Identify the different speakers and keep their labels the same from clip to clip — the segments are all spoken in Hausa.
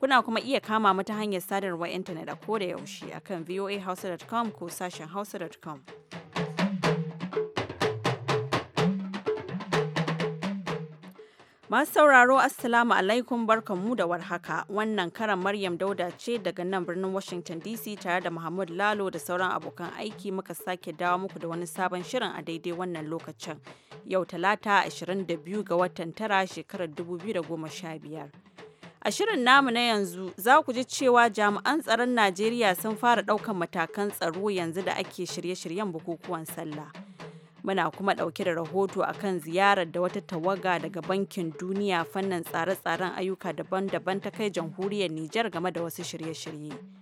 Speaker 1: Kuna kuma iya kama mata hanyar sadarwa intanet a ko da yaushe akan voahausa.com ko sashen hausa.com. Masu sauraro Assalamu alaikum barkanmu da warhaka wannan karan Maryam Dauda ce daga nan birnin Washington DC tare da Muhammad Lalo da sauran abokan aiki muka sake dawo muku da wani sabon shirin a daidai wannan lokacin. Yau talata 22 ga watan tara shekarar 2015. A shirin namu na yanzu za ku ji cewa jami'an tsaron Najeriya sun fara ɗaukan matakan tsaro yanzu da ake shirye-shiryen bukukuwan sallah. Muna kuma ɗauke da rahoto a kan ziyarar da wata tawaga daga Bankin Duniya fannin tsare-tsaren ayyuka daban-daban ta kai jamhuriyar Nijar game da wasu shirye-shirye.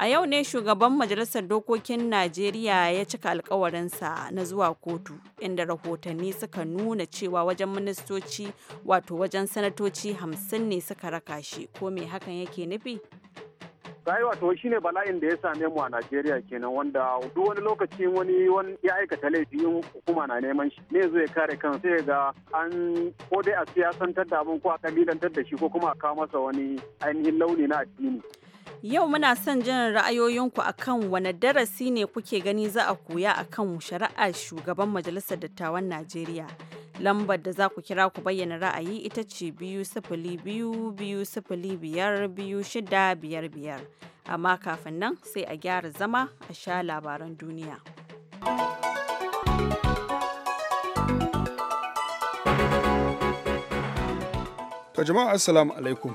Speaker 1: A yau ne shugaban Majalisar Dokokin Najeriya ya cika alkawarinsa na zuwa kotu, inda rahotanni suka nuna cewa wajen ministoci wato wajen sanatoci hamsin ne suka raka shi, ko me hakan yake nufi?
Speaker 2: sai wato ne bala'in da ya same mu a Najeriya kenan wanda duk wani lokaci wani ya aikata laifi in hukuma na neman shi ne zai kare kan sai ga an ko dai a siyasantar da abin ko a kabilantar da shi ko kuma a kawo masa wani ainihin launi na addini
Speaker 1: Yau muna son jin ra'ayoyinku akan wane darasi ne kuke gani za a koya akan shari'ar shugaban Majalisar Dattawan Najeriya. Lambar da za ku kira ku bayyana ra'ayi ita ce biyu sifili biyu biyu sifili biyar biyu shida biyar biyar. Amma kafin nan sai a gyara zama a sha labaran duniya.
Speaker 3: To jama'a assalamu alaikum.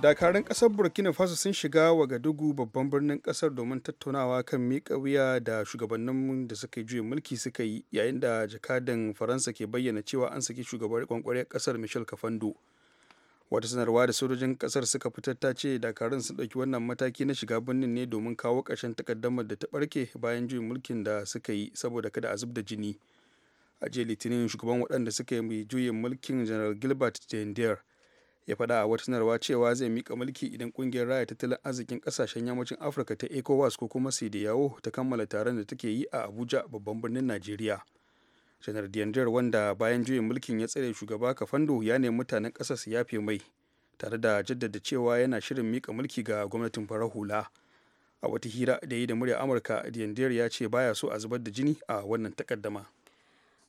Speaker 3: dakarun kasar burkina faso sun shiga wa wagadugu babban birnin kasar domin tattaunawa kan miƙa wuya da shugabannin da suka yi juyin mulki suka yi yayin da jakadan faransa ke bayyana cewa an saki shugabar rikon kasar michel kafando wata sanarwa da sojojin kasar suka fitar ta ce dakarun sun ɗauki wannan mataki na shiga birnin ne domin kawo ƙarshen takaddamar da ta ɓarke bayan juyin mulkin da suka yi saboda kada a zubda jini a jiya litinin shugaban waɗanda suka yi juyin mulkin general gilbert jendier ya faɗa a wata sanarwa cewa zai mika mulki idan kungiyar raya tattalin arzikin kasashen yammacin afirka ta ecowas ko kuma da yawo ta kammala taron da take yi a abuja babban birnin najeriya janar diyanjar wanda bayan juyin mulkin ya tsare shugaba kafando ya nemi mutanen ƙasar su yafe mai tare da jaddada cewa yana shirin mika mulki ga gwamnatin farar hula a wata hira da yi da murya amurka diyanjar ya ce baya so a zubar da jini a wannan takaddama.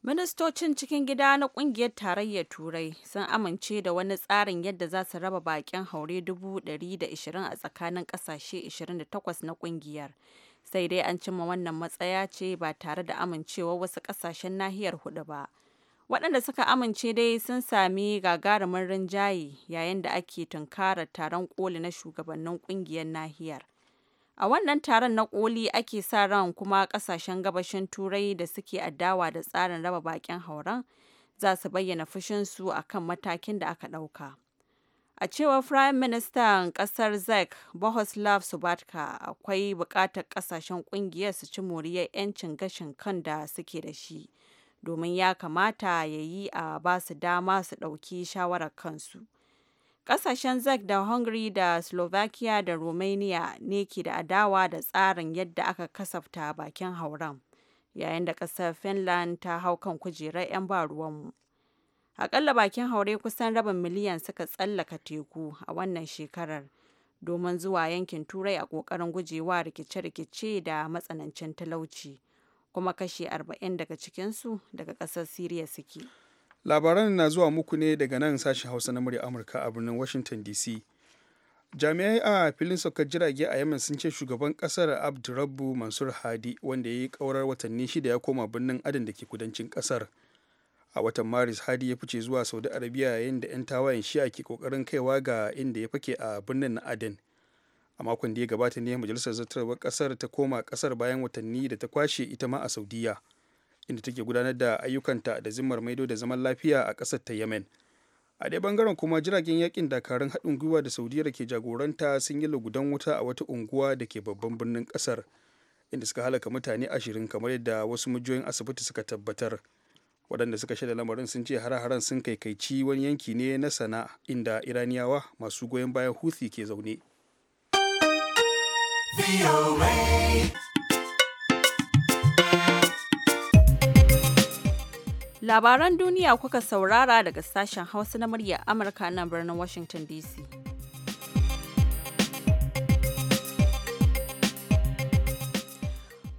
Speaker 1: Ministocin cikin gida na kungiyar tarayyar Turai sun amince da wani tsarin yadda za su raba bakin haure 120 a tsakanin kasashe 28 na kungiyar. Sai dai an cimma wannan matsaya ce ba tare da amincewa wasu kasashen nahiyar hudu ba. Waɗanda suka amince dai sun sami gagarumin rinjaye yayin da ake tunkarar taron koli na shugabannin kungiyar nahiyar. A wannan taron na koli ake sa ran kuma kasashen gabashin Turai da suke adawa da tsarin raba bakin hauren za su bayyana fushinsu a kan matakin da aka ɗauka. A cewar Firayim Ministan ƙasar Czech, Bohuslav subatka akwai buƙatar ƙasashen ƙungiyar su ci moriyar 'yancin gashin kan da suke da shi, domin ya kamata ya yi a ba su dama su ɗauki shawarar kansu. Ƙasashen Czech da Hungary da Slovakia da Romania ne ke da adawa da tsarin yadda aka kasafta bakin hauren, yayin da ƙasar Finland ta hau kan kujerar 'yan ba ruwanmu. Aƙalla bakin haure kusan rabin miliyan suka tsallaka teku a wannan shekarar domin zuwa yankin Turai a ƙoƙarin gujewa rikice-rikice da matsanancin talauci, kuma kashe 40 daga cikinsu daga ƙasar Siriya suke.
Speaker 3: labaran na zuwa muku ne daga nan sashen hausa na murya amurka a birnin washington dc jami'ai a filin saukar jirage a yemen sun ce shugaban kasar abdurabbu mansur hadi wanda ya yi kaurar watanni shida ya koma birnin adan da ke kudancin kasar a watan maris hadi ya fice zuwa saudi arabia yayin da 'yan tawayen shi'a ke kokarin kaiwa ga inda ya fake a birnin na adan a makon da ya gabata ne majalisar zartarwar kasar ta koma kasar bayan watanni da ta kwashe ita ma a saudiya inda take gudanar da ayyukanta da zimmar maido da zaman lafiya a ƙasar ta yemen a dai bangaren kuma jiragen yakin dakarun haɗin gwiwa da saudiya ke jagoranta sun yi lugudan wuta a wata unguwa da ke babban birnin ƙasar inda suka halaka mutane ashirin kamar yadda wasu mujiyoyin asibiti suka tabbatar waɗanda suka shaida lamarin sun ce hare-haren sun kaikaici wani yanki ne na sana'a inda iraniyawa masu goyon bayan huthi ke zaune
Speaker 1: Labaran duniya kuka saurara daga sashen Hausa na murya Amurka nan birnin Washington DC.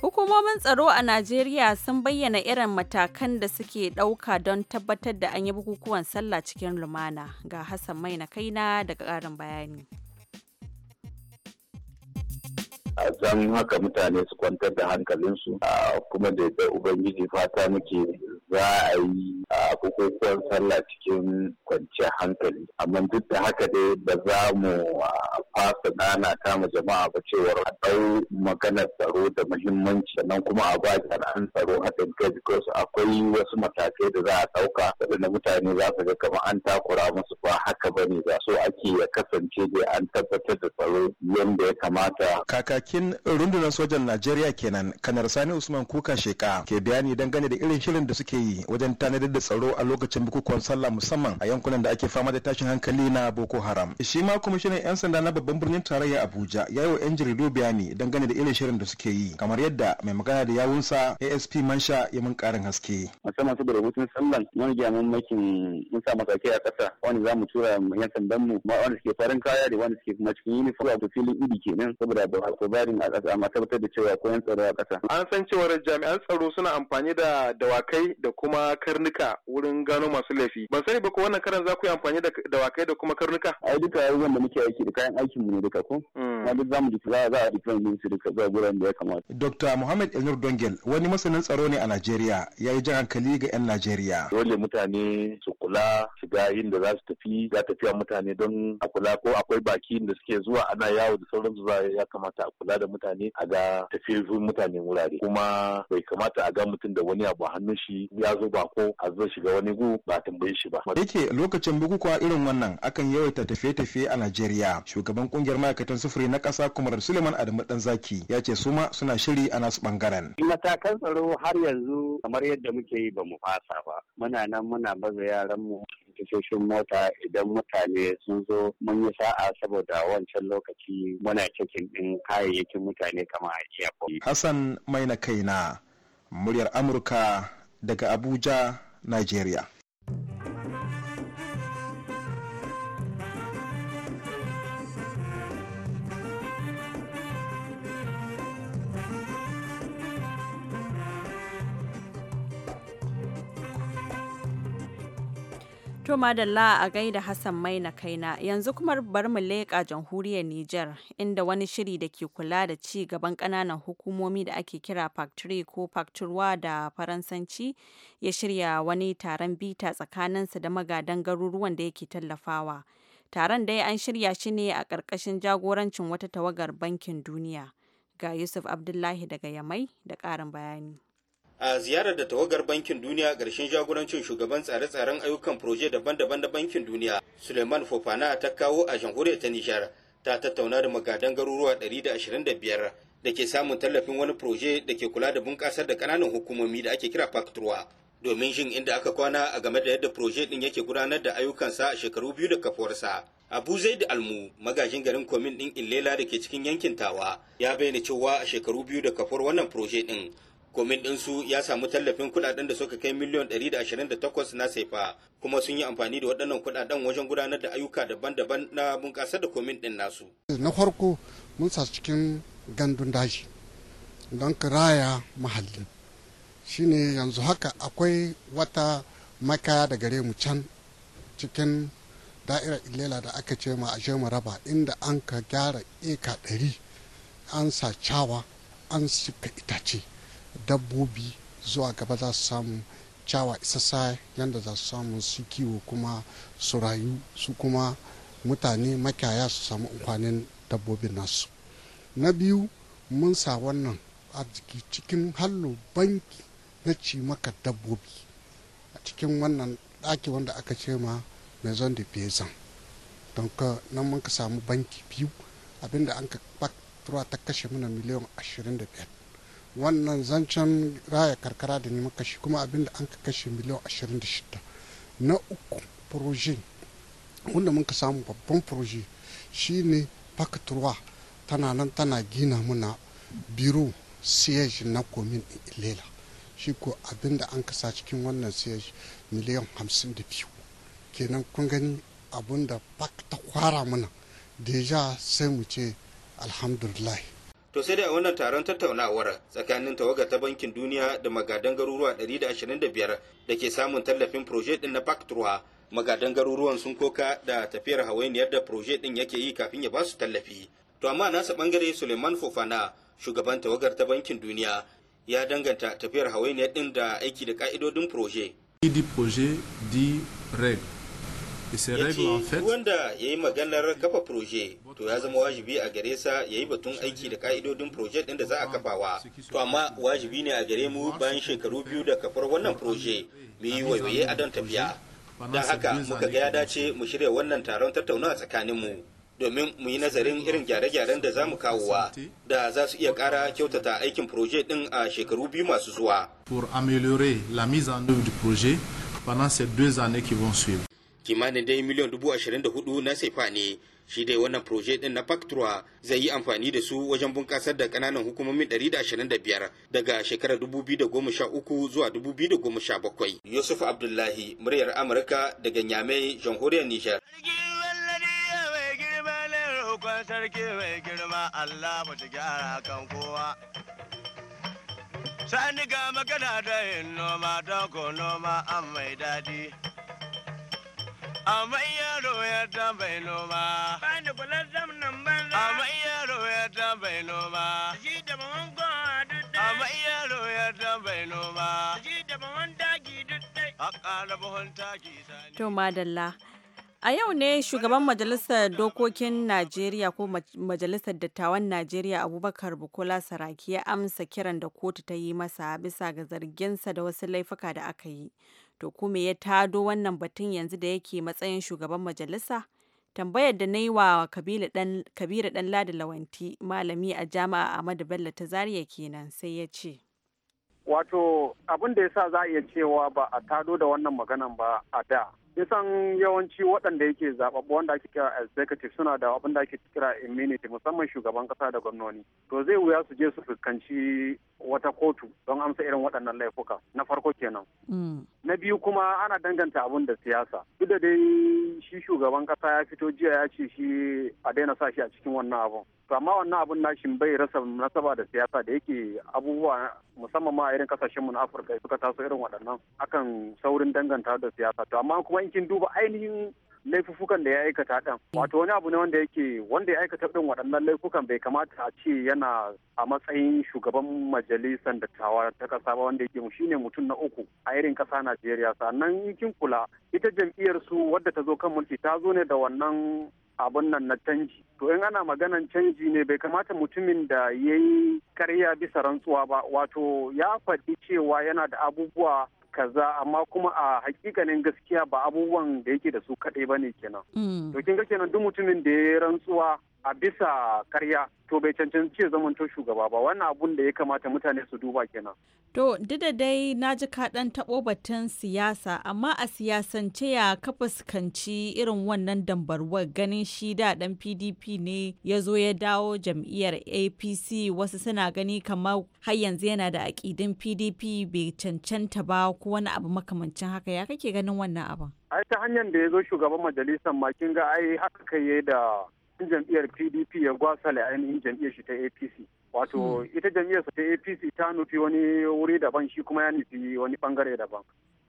Speaker 1: Hukumomin tsaro a Najeriya sun bayyana irin matakan da suke ɗauka don tabbatar da an yi bukukuwan sallah cikin lumana. Ga Hassan Mai na kaina daga ƙarin bayani.
Speaker 4: don haka mutane su kwantar da hankalinsu kuma da yadda ubangiji fata muke za a yi a bukukuwan sallah cikin kwanciyar hankali amma duk da haka dai ba za mu fasa dana ta mu jama'a ba cewar a ɗau maganar tsaro da muhimmanci sannan kuma a ba jami'an tsaro haɗin kai akwai wasu matakai da za a ɗauka waɗanda mutane za su ga kamar an takura musu ba haka ba ne ba so ake ya kasance da an tabbatar da tsaro
Speaker 5: yadda ya kamata. Kakaki kakakin rundunar sojan najeriya kenan kanar sani usman kuka sheka ke bayani dangane da irin shirin da suke yi wajen tanadar da tsaro a lokacin bukukuwan sallah musamman a yankunan da ake fama da tashin hankali na boko haram shi ma kwamishinan yan sanda na babban birnin tarayya abuja ya yi wa yan jaridu bayani dangane da irin shirin da suke yi kamar yadda mai magana da yawunsa asp mansha ya mun karin haske
Speaker 4: musamman saboda mutum sallan mun gya mun makin mun sa masake a ƙasa wani za mu tura yan sandanmu wanda suke farin kaya da wanda suke kuma cikin uniform a filin idi kenan saboda ba tsarin a ƙasa amma tabbatar da cewa koyan tsaro a ƙasa.
Speaker 5: An san cewar jami'an tsaro suna amfani da dawakai da kuma karnuka wurin gano masu laifi. Ban sani ba ko wannan karan za ku yi amfani da dawakai da kuma karnuka?
Speaker 4: Ai duka abubuwan da muke aiki da kayan aikin mu ne duka ko? Hmm. Kuma duk za mu za a difan din su duka zuwa gurin da ya kamata.
Speaker 5: Dr. Muhammad Elnur Dongel wani masanin tsaro ne a Najeriya ya yi jan hankali ga 'yan Najeriya.
Speaker 4: Dole mutane su kula shiga inda za su tafi za tafiya mutane don a kula ko akwai baki da suke zuwa ana yawo da sauransu za ya kamata a kula kula da mutane a ga tafiyarfin mutane wurare kuma bai kamata a ga mutum da wani abu hannun shi ya zo ba ko a zo shiga wani gu ba tambaye shi ba.
Speaker 5: yake lokacin bukukuwa irin wannan akan yawaita tafiye-tafiye a Najeriya shugaban kungiyar ma'aikatan sufuri na ƙasa kumar Suleiman Adamu Danzaki ya ce su ma suna shiri a nasu bangaren.
Speaker 4: matakan tsaro har yanzu kamar yadda muke yi ba mu fasa ba muna nan muna baza yaranmu tashoshin mota idan mutane sun zo mun yi sa'a saboda wancan lokaci muna cikin ɗin kayayyakin mutane kama a airport.
Speaker 5: Hassan Maina Kaina, muryar Amurka daga Abuja, Nigeria.
Speaker 1: To madalla a gaida Hassan mai Maina kaina yanzu kuma bar mu leƙa jamhuriyar Nijar inda wani shiri da ke kula da ci gaban ƙananan hukumomi da ake kira factory ko facturwa da faransanci ya shirya wani taron bita tsakaninsa da magadan garuruwan da yake tallafawa. Taron dai an shirya shi ne a ƙarƙashin jagorancin wata tawagar bankin duniya. Ga Yusuf Abdullahi daga Yamai da ƙarin bayani.
Speaker 6: a ziyarar da tawagar bankin duniya a ƙarshen jagorancin shugaban tsare-tsaren ayyukan proje daban-daban na bankin duniya suleiman fofana ta kawo a jamhuriyar ta nijar ta tattauna da magadan garuruwa 125 da ke samun tallafin wani proje da ke kula da bunƙasar da ƙananan hukumomi da ake kira fakturwa domin jin inda aka kwana a game da yadda proje ɗin yake gudanar da ayyukansa a shekaru biyu da kafuwarsa abu zaid almu magajin garin komin ɗin illela da ke cikin yankin tawa ya bayyana cewa a shekaru biyu da kafuwar wannan proje ɗin komin su ya samu tallafin kuɗaɗen da suka kai miliyan 128 na saifa kuma sun yi amfani da waɗannan kuɗaɗen wajen gudanar da ayyuka daban-daban na bunƙasar da komin ɗin nasu.
Speaker 7: Na farko mun sa cikin gandun daji don raya mahalli shine yanzu haka akwai wata maka da gare mu can cikin da'irar illela da aka ce ma aje mu raba inda an ka gyara eka ɗari an sa cawa an suka itace dabbobi zuwa gaba za su samu cawa isassa yadda za su samu su kiwo kuma su rayu su kuma mutane makiyaya su samu amfanin dabbobin nasu na biyu mun sa wannan arziki cikin hallo banki na ci maka dabbobi a cikin wannan ɗaki wanda aka ce ma maison de pezan don ka nan mun ka samu banki biyu abinda an ka ta kashe mana miliyan 25 wannan zancen raya karkara da neman kashi kuma abinda an ka kashe miliyan 26 na uku proje wanda mun ka samu babban proje shine fakaturwa tana nan tana gina muna biro siege na komin ilela shi ko abinda an kasa cikin wannan siege miliyan 52 kenan kun gani abinda pak ta kwara muna deja sai mu ce alhamdulillah
Speaker 6: to sai dai a wannan taron tattaunawar tsakanin tawagar ta bankin duniya da magadan garuruwa 125 da ke samun tallafin proje din na bakturwa magadan garuruwan sun koka da tafiyar hawainiyar da proje din yake yi kafin ya ba su tallafi to amma nasa bangare suleiman fofana shugaban tawagar ta bankin duniya ya danganta tafiyar hawainiyar din da aiki da ka'idodin proje.
Speaker 8: Di proje di reg ya
Speaker 6: wanda ya yi maganar kafa proje to ya zama wajibi a gare sa ya yi batun aiki da ka'idodin proje ɗin da za a kafawa to amma wajibi ne a gare mu bayan shekaru biyu da kafar wannan proje mu yi waiwaye a don tafiya don haka muka ga ya dace mu shirya wannan taron tattaunawa mu domin mu yi nazarin irin gyare-gyaren da za mu kawowa da za su iya kara kyautata aikin proje ɗin a shekaru biyu masu zuwa.
Speaker 8: Pour améliorer la mise en œuvre du projet pendant ces deux années qui vont suivre.
Speaker 6: kimanin dai miliyan dubu ashirin da hudu na sefa ne shi dai wannan proje din na factura zai yi amfani da su wajen bunkasar da ƙananan hukumomin 125 daga shekarar 2013 zuwa 2017 yusuf abdullahi muryar amurka daga nyame jamhuriyar nijar
Speaker 9: Sani ga magana da yin noma, ko noma an mai daɗi. Amai yaro ya tambayi noma. Bani bulan nan banza. Amai yaro ya tambayi noma. shi da bawan gwa dudde. Amai yaro ya tambayi noma. shi da bawan dagi dudde.
Speaker 1: Haka da buhun taki sani. To madalla. A yau ne shugaban Majalisar Dokokin Najeriya ko Majalisar Dattawan Najeriya Abubakar Bukola Saraki ya amsa kiran da kotu ta yi masa bisa ga zarginsa da wasu laifuka da aka yi. To kuma ya tado wannan batun yanzu da yake matsayin shugaban majalisa? Tambayar da na yi wa kabira ɗan lada Lawanti malami a jami'a Ahmadu Bello ta zariya kenan sai ya ce.
Speaker 10: Wato
Speaker 2: abin da ya sa za a iya cewa ba a tado da wannan maganan ba a da nisan yawanci waɗanda yake zababbu wanda ake kira executive suna da abin da ake kira immunity musamman shugaban kasa da gwamnoni to zai wuya su je su fuskanci wata kotu don amsa irin waɗannan laifuka na farko kenan mm. na biyu kuma ana danganta abin da siyasa duk da dai shi shugaban kasa ya fito jiya ya ce shi a daina sa shi a cikin wannan abun to amma wannan abun nashin bai rasa nasaba da siyasa da yake abubuwa musamman ma irin kasashenmu na afirka suka taso irin waɗannan akan saurin danganta da siyasa to amma kuma in kin duba ainihin laifukan da ya aikata ɗan wato wani abu ne wanda yake wanda ya aikata ɗin waɗannan laifukan bai kamata a ce yana a matsayin shugaban majalisar dattawa ta ƙasa ba wanda yake shi ne mutum na uku a irin ƙasa najeriya sannan kin kula ita jam'iyyar su wadda ta zo kan mulki ta zo ne da wannan abun nan na canji to in ana maganan canji ne bai kamata mutumin da ya yi karya bisa rantsuwa ba wato ya faɗi cewa yana da abubuwa kaza amma kuma a hakikanin gaskiya ba abubuwan da yake da su kaɗai ba ne kenan mm. to kin ga kenan duk mutumin da ya yi rantsuwa a bisa karya to bai cancanci ya zamanto shugaba ba wannan abun da ya kamata mutane su duba kenan.
Speaker 1: To duk da dai na ji kaɗan taɓo batun siyasa amma a siyasance ya ka fuskanci irin wannan dambarwar ganin shi da ɗan PDP ne ya zo ya dawo jam'iyyar APC wasu suna gani kamar har yanzu yana da aƙidin PDP bai cancanta ba ko wani abu makamancin haka ya kake ganin wannan abin.
Speaker 2: Ai ta hanyar da ya zo shugaban majalisar ma kin ga ai haka kai da in jam'iyyar pdp ya gwasale ainihin jam'iyyar shi ta apc wato hmm. ita jam'iyyar ta apc ta nufi wani wuri daban shi kuma ya nufi wani bangare daban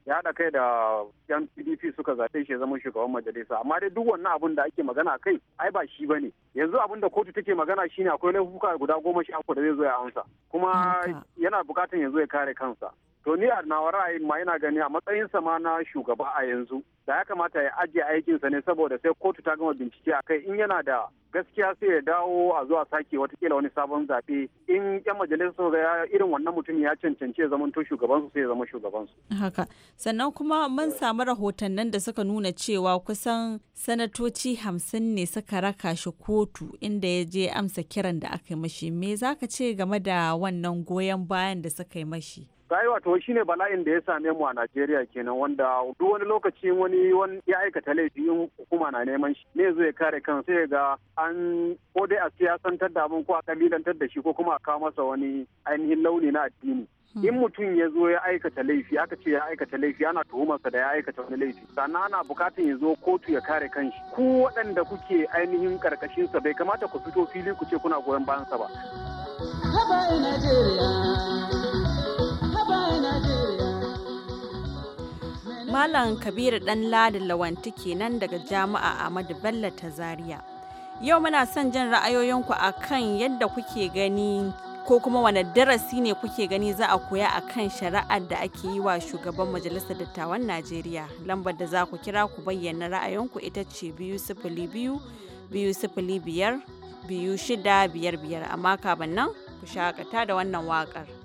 Speaker 2: ya haɗa kai da yan pdp suka zaɓe shi zama shugaban majalisa amma dai duk wannan abun da ake magana kai ai ba shi bane yanzu abun da kotu take magana shi ne akwai laifuka guda goma shi uku da zai zo ya amsa kuma yana bukatan yanzu ya kare kansa to ni a nawa ra'ayin ma yana gani a matsayin sama na shugaba a yanzu da ya kamata ya ajiye aikinsa ne saboda sai kotu ta gama bincike a kai in yana da gaskiya sai ya dawo a zuwa sake watakila wani sabon zaɓe in yan majalisar sun ga irin wannan mutumin ya cancanci ya zamanto shugabansu sai ya zama shugabansu.
Speaker 1: haka sannan kuma mun samu rahotannin da suka nuna cewa kusan sanatoci hamsin ne suka raka shi kotu inda ya je amsa kiran da aka yi mashi me zaka ce game da wannan goyon bayan da suka yi mashi.
Speaker 2: kai wato shine bala'in da ya same mu a Najeriya kenan wanda duk wani lokaci wani ya aikata laifi in hukuma na neman shi ne zai kare kan sai ga an ko dai a siyasantar da abin ko a kabilantar da shi ko kuma a kawo masa wani ainihin launi na addini hmm. in mutum ya zo ya aikata laifi aka ce ya aikata laifi ana tuhumarsa da ya aikata wani laifi sannan ana bukatan ya zo kotu ya kare kanshi ku waɗanda kuke ainihin karkashinsa bai kamata ku fito fili ku ce kuna
Speaker 1: goyon bayansa ba.
Speaker 9: Haba Najeriya.
Speaker 1: Malam Kabiru ɗan ladi lawanti kenan daga jami'a Ahmadu Bello ta Zaria. Yau muna son jin ra'ayoyinku a kan yadda kuke gani ko kuma wane darasi ne kuke gani za a koya a kan shari'ar da ake yi wa shugaban majalisar dattawan Najeriya. Lambar da za ku kira ku bayyana ra'ayinku ita ce biyu sifili biyu biyu sifili biyar biyu shida biyar biyar amma kafin nan ku shakata da wannan waƙar.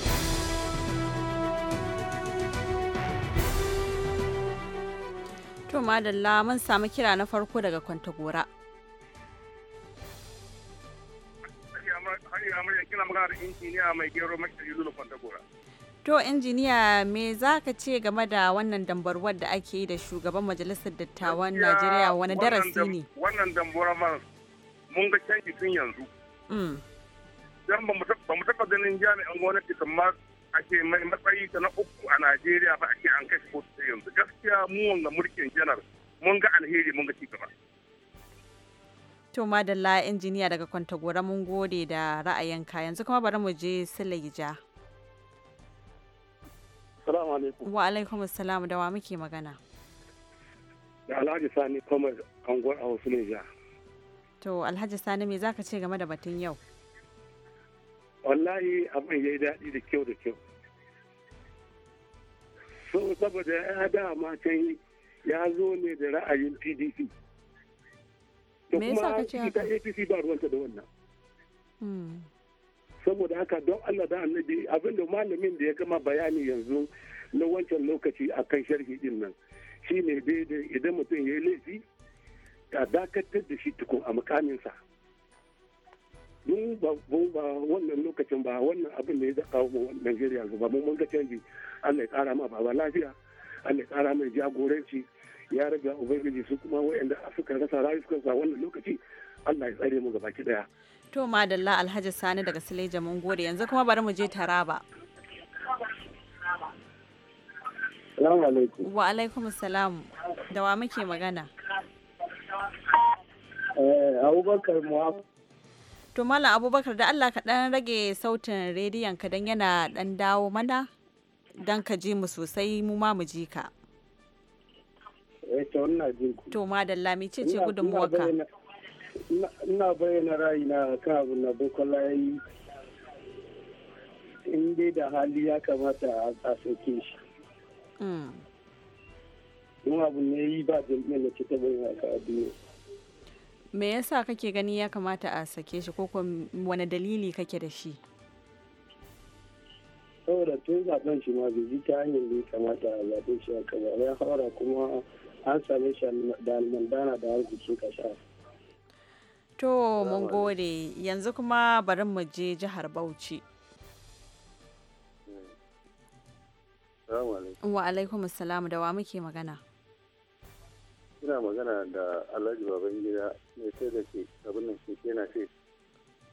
Speaker 1: To madalla mun samu kira na farko daga kwanta gora. To injiniya me za ka ce game da wannan dambarwar da ake yi da shugaban majalisar dattawan Najeriya wani darasi ne?
Speaker 10: Wannan dambarwar mun ga canji tun yanzu. Mm. ba mu taɓa ganin jami'an gwamnati kamar ake mai matsayi ta na uku a Najeriya ba ake an kashe kotu ta yanzu gaskiya mu wanga mulkin janar mun ga alheri mun ga cigaba.
Speaker 1: To madalla injiniya daga Kwantagora mun gode da ra'ayinka yanzu kuma bari mu je Sulaija. Salamu alaikum. Wa alaikum salam da wa muke magana.
Speaker 10: Da Alhaji Sani Komar Angwar a Sulaija.
Speaker 1: To Alhaji Sani me zaka ce game da batun yau?
Speaker 10: wallahi abin ya yi daɗi da kyau da kyau so saboda ya dama can ya zo ne da ra'ayin pdp
Speaker 9: da kuma ita
Speaker 10: apc ba ruwanta da wannan hmm. saboda haka don allah da annabi abinda malamin da ya gama bayani yanzu na wancan lokaci a kan sharhi din nan shine daidai idan mutum ya yi laifi a dakatar da shi tukun a mukaminsa. mun ba wannan lokacin ba wannan abin da ya zaka mu Najeriya ba mun mun ga canji Allah ya kara ma baba lafiya Allah ya kara mai jagoranci ya raga ubangiji su kuma waɗanda suka rasa a wannan lokaci Allah ya tsare mu gaba ki daya
Speaker 1: to madalla Alhaji Sani daga Sileja mun gode yanzu kuma bari mu je Taraba Assalamu alaikum. Wa alaikum salam. Da wa muke magana? Eh,
Speaker 10: Abubakar Muhammad
Speaker 1: to malam abubakar da allah ka dan rage sautin rediyon ka dan yana dan dawo mana dan ka ji mu sosai mu ma mu ji ka
Speaker 10: eh, to da
Speaker 1: lami ce ce waka.
Speaker 10: ina bayyana na kan abu na bukola yayi in dai da hali ya kamata a soke shi mm. in abu ne yi ba jam'iyyar da ke taɓa yin haka a duniya
Speaker 1: me yasa kake gani ya kamata a sake shi ko wani dalili kake da shi
Speaker 10: saboda tun zaben shi ma bai ta hanyar da ya kamata a zaben shi a kama ya haura kuma an same shi da almandana da harkokin kasha
Speaker 1: to mun gode yanzu kuma bari mu je jihar bauchi wa alaikum da wa muke magana
Speaker 10: ina magana da alhaji baban gida mai sai da ke abin nan shi ce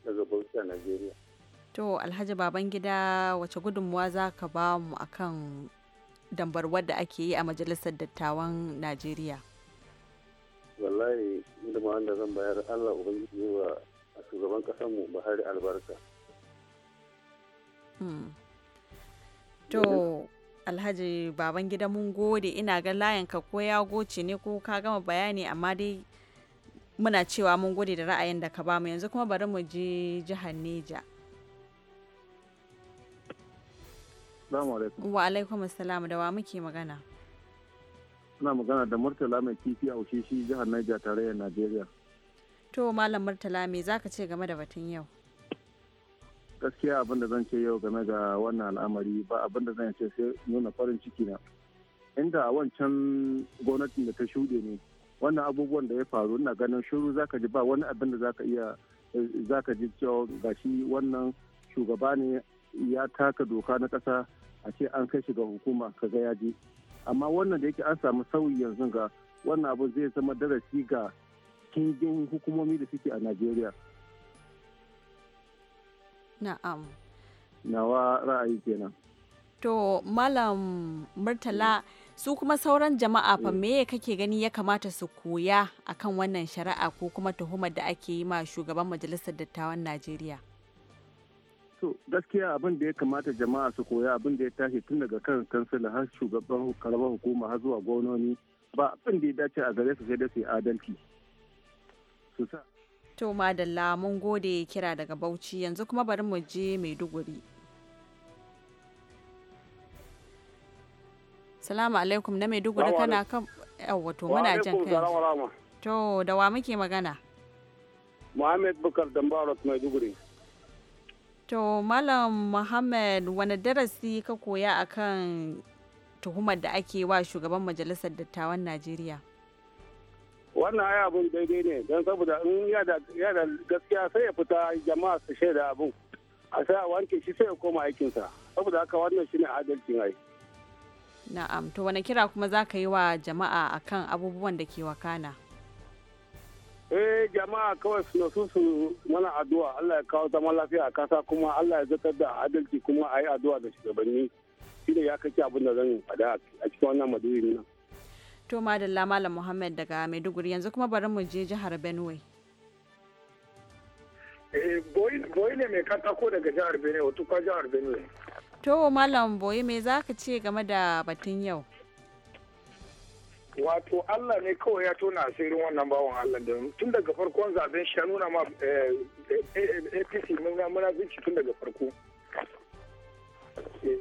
Speaker 10: daga bauta a najeriya
Speaker 1: to alhaji baban gida wace gudunmuwa za ka ba mu a kan dambarwar da ake yi a majalisar dattawan najeriya
Speaker 10: wallahi gudunmuwa da zan bayar allah ubangiji wa a shugaban kasar mu buhari albarka
Speaker 9: hmm.
Speaker 1: alhaji baban gida mun gode ina ga layinka ko ya goce ne ko ka gama bayani amma dai muna cewa mun gode da ra'ayin da ka bamu yanzu kuma bari mu je jihar neja
Speaker 10: wa
Speaker 1: alaikum da wa muke magana
Speaker 10: Ana magana da murtala mai kifi a ushishi jihar neja tarayyar najeriya
Speaker 1: to malam murtala me zaka ce game da batun yau
Speaker 10: gaskiya abin da zan ce yau game ga wannan al'amari ba abin da zan ce sai nuna farin ciki na inda a wancan gwamnatin da ta shuɗe ne wannan abubuwan da ya faru na ganin shiru zaka ji ba wani abin da zaka iya zaka ji cewa gashi wannan shugaba ne ya taka doka na ƙasa a ce an kai shi ga hukuma kaga ya je amma wannan da yake an samu sauyi yanzu ga wannan abu zai zama darasi ga kingin hukumomi da suke a najeriya Na'am. Nawa ra'ayi kenan.
Speaker 1: To Malam Murtala su kuma sauran jama'a fa eh. me kake gani ya kamata su koya akan wannan shari'a ko kuma tuhumar da ake yi ma shugaban majalisar dattawan Najeriya?
Speaker 10: To gaskiya abin da ya kamata jama'a su koya abin da ya tashi tun daga kan kansila har shugaban karamar hukuma har zuwa gwamnoni ba abin da ya dace a gare su sai da su yi adalci. Su sa
Speaker 1: To madalla mun gode kira daga Bauchi yanzu kuma bari mu je Maiduguri. Salamu alaikum na Maiduguri kana kan yawa to muna jan kai. To da wa muke magana?
Speaker 10: Muhammad Bukar Dambarot Maiduguri.
Speaker 1: To Malam Muhammad wani darasi ka koya akan tuhumar da ake wa shugaban majalisar dattawan Najeriya?
Speaker 10: wannan ai abun daidai ne don saboda in ya da gaskiya sai ya fita jama'a su shaida abun a sai a wanke shi sai ya koma aikinsa saboda haka wannan shi ne adalcin ai
Speaker 1: na'am to wani kira kuma za ka yi wa jama'a akan abubuwan da ke wakana
Speaker 10: eh jama'a kawai su nasu su mana addu'a Allah ya kawo zaman lafiya a kasa kuma Allah ya zartar da adalci kuma a yi addu'a da shugabanni ne ya kake abin da zan faɗa a cikin wannan madurin nan
Speaker 1: to madalla malam muhammad daga maiduguri yanzu kuma bari mu je jihar benue
Speaker 2: eh, boyi ne mai katako daga jihar benue wato kwa jihar benue
Speaker 1: to malam boyi me za ka ce game da batun yau
Speaker 10: wato allah ne kawai ya tona asirin wannan bawan allah da tun daga farkon zaben shi ya nuna ma apc muna zuci tun daga farko eh,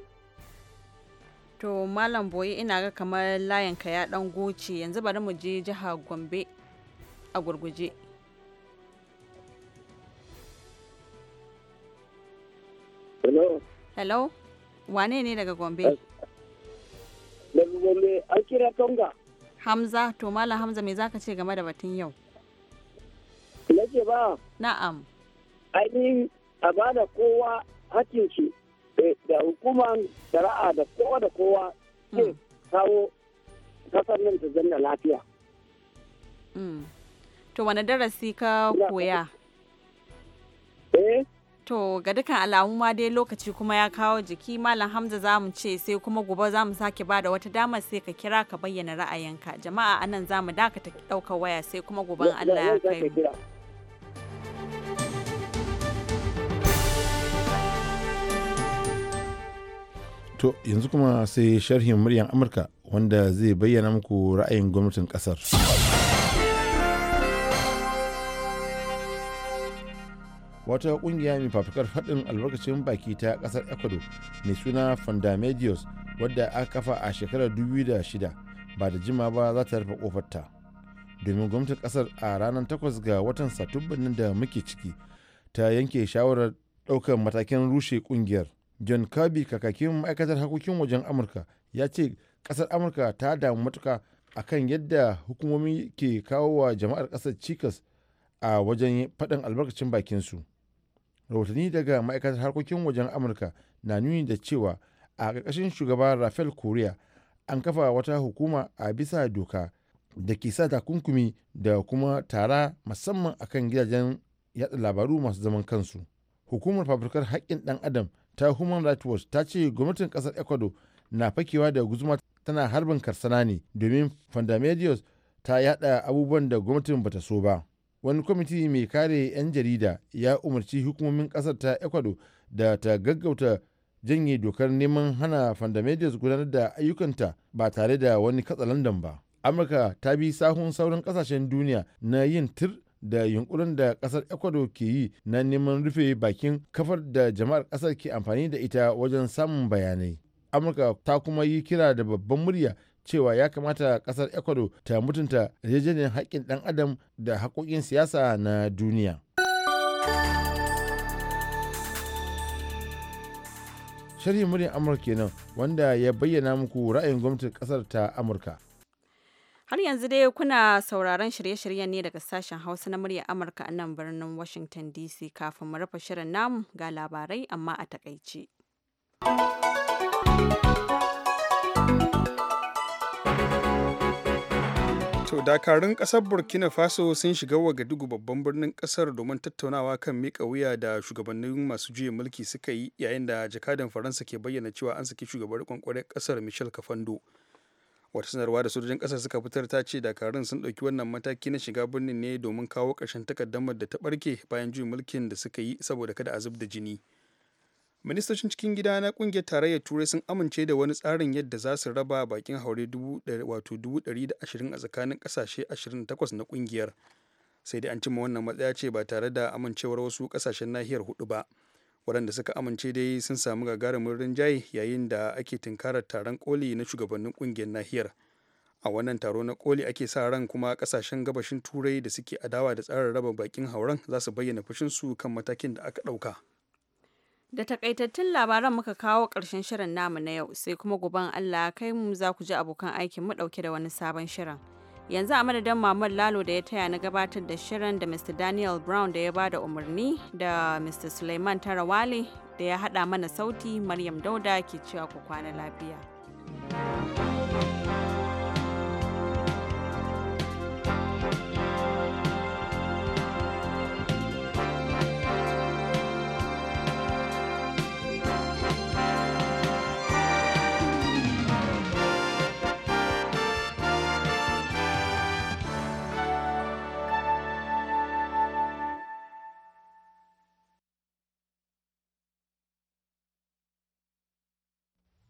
Speaker 1: To Malam Boye ina ga kamar layinka ya dan goce yanzu bari mu je jiha Gombe a gurguje. Hello. Hello. Wane ne daga Gombe? Daga Gombe an kira Tonga. Hamza, to Malam Hamza me zaka ce game da batun yau? Nake ba. Na'am. Ainihin a bada kowa hakin shi.
Speaker 10: Eh, da hukumar shari'a da kowa da kowa ke hmm. kawo kasar nan ta zanna lafiya.
Speaker 1: Hmm. To wani darasi ka koya? Eh? To ga dukkan alamu ma dai lokaci kuma ya kawo jiki Malam Hamza za mu ce sai kuma gobe za mu sake ba da wata damar sai ka kira ka bayyana ra'ayinka. Jama'a anan za mu dakata ɗaukar waya sai kuma gobe Allah ya kai mu.
Speaker 8: To yanzu kuma sai sharhin muryar Amurka wanda zai bayyana muku ra'ayin gwamnatin kasar. Wata kungiya mai fafikar faɗin albarkacin baki ta ƙasar Ecuador mai suna Fundamedios wadda aka kafa a shekarar 2006 ba da jima ba za ta rufe kofarta. Domin gwamnatin ƙasar a ranar 8 ga watan Satumba da muke ciki ta yanke shawarar ɗaukar matakin rushe kungiyar. john kirby kakakin ma'aikatar harkokin wajen amurka ya ce kasar amurka ta damu matuka akan yadda hukumomi ke kawo wa jama'ar kasar cikas a wajen faɗin albarkacin bakinsu rahotanni daga ma'aikatar harkokin wajen amurka na nuni da cewa a ƙarƙashin shugaba rafael korea an kafa wata hukuma a bisa doka da ke sa takunkumi da kuma tara musamman akan gidajen yada labaru masu zaman kansu hukumar fabrikar haƙƙin ɗan adam ta human rights watch ta ce gwamnatin kasar ecuador na fakewa da guzuma tana harbin karsana ne domin fundamedios ta yada abubuwan da gwamnatin bata so ba wani kwamiti mai kare 'yan jarida ya umarci hukumomin kasar ta ecuador da ta gaggauta janye dokar neman hana fundamedios gudanar da ayyukanta ba tare da wani katsalandan ba amurka ta bi sahun sauran kasashen duniya na yin tir da yunkurin da kasar ecuador ke yi na neman rufe bakin kafar da jama'ar kasar ke amfani da ita wajen samun bayanai amurka ta kuma yi kira da babban murya cewa ya kamata kasar ecuador ta mutunta yarjejeniyar haƙƙin ɗan adam da haƙoƙin siyasa na duniya sharhin murya amurka kenan wanda ya bayyana muku ra'ayin gwamnatin kasar ta amurka
Speaker 1: Har yanzu dai kuna sauraron shirye-shiryen ne daga sashen Hausa na muryar Amurka a nan birnin Washington DC kafin mu rufe shirin namu ga labarai amma a takaice.
Speaker 3: To dakarun kasar Burkina Faso sun shiga Wagadugu babban birnin kasar domin tattaunawa kan miƙa wuya da shugabannin masu juya mulki suka yi yayin da jakadan Faransa ke bayyana cewa an saki shugabar rikon ƙasar kasar Michel Kafando. wata sanarwa da sojojin ƙasar suka fitar ta ce dakarun sun ɗauki wannan mataki na shiga birnin ne domin kawo ƙarshen takaddamar da ta ɓarke bayan juyin mulkin da suka yi saboda kada a da jini ministocin cikin gida na ƙungiyar tarayyar turai sun amince da wani tsarin yadda za su raba bakin haure wato dubu ɗari da ashirin a tsakanin ƙasashe ashirin na ƙungiyar sai dai an cimma wannan matsaya ce ba tare da amincewar wasu ƙasashen nahiyar hudu ba waɗanda suka amince dai sun samu gagarumin rinjaye yayin da ake tunkarar taron koli na shugabannin ƙungiyar nahiyar a wannan taro na koli ake sa ran kuma ƙasashen gabashin turai da suke adawa da tsarin raba bakin hauren za su bayyana fushin su kan matakin da aka ɗauka
Speaker 1: da takaitattun labaran muka kawo ƙarshen shirin namu na yau sai kuma guban allah kai mu za ku ji abokan aikin mu ɗauke da wani sabon shirin yanzu a madadin Muhammad Lalo da ya taya na gabatar da shirin da Mr. Daniel Brown da ya ba da umarni da Mr. Suleiman Tarawale da ya hada mana sauti Maryam Dauda ke cewa ku kwana lafiya. thank you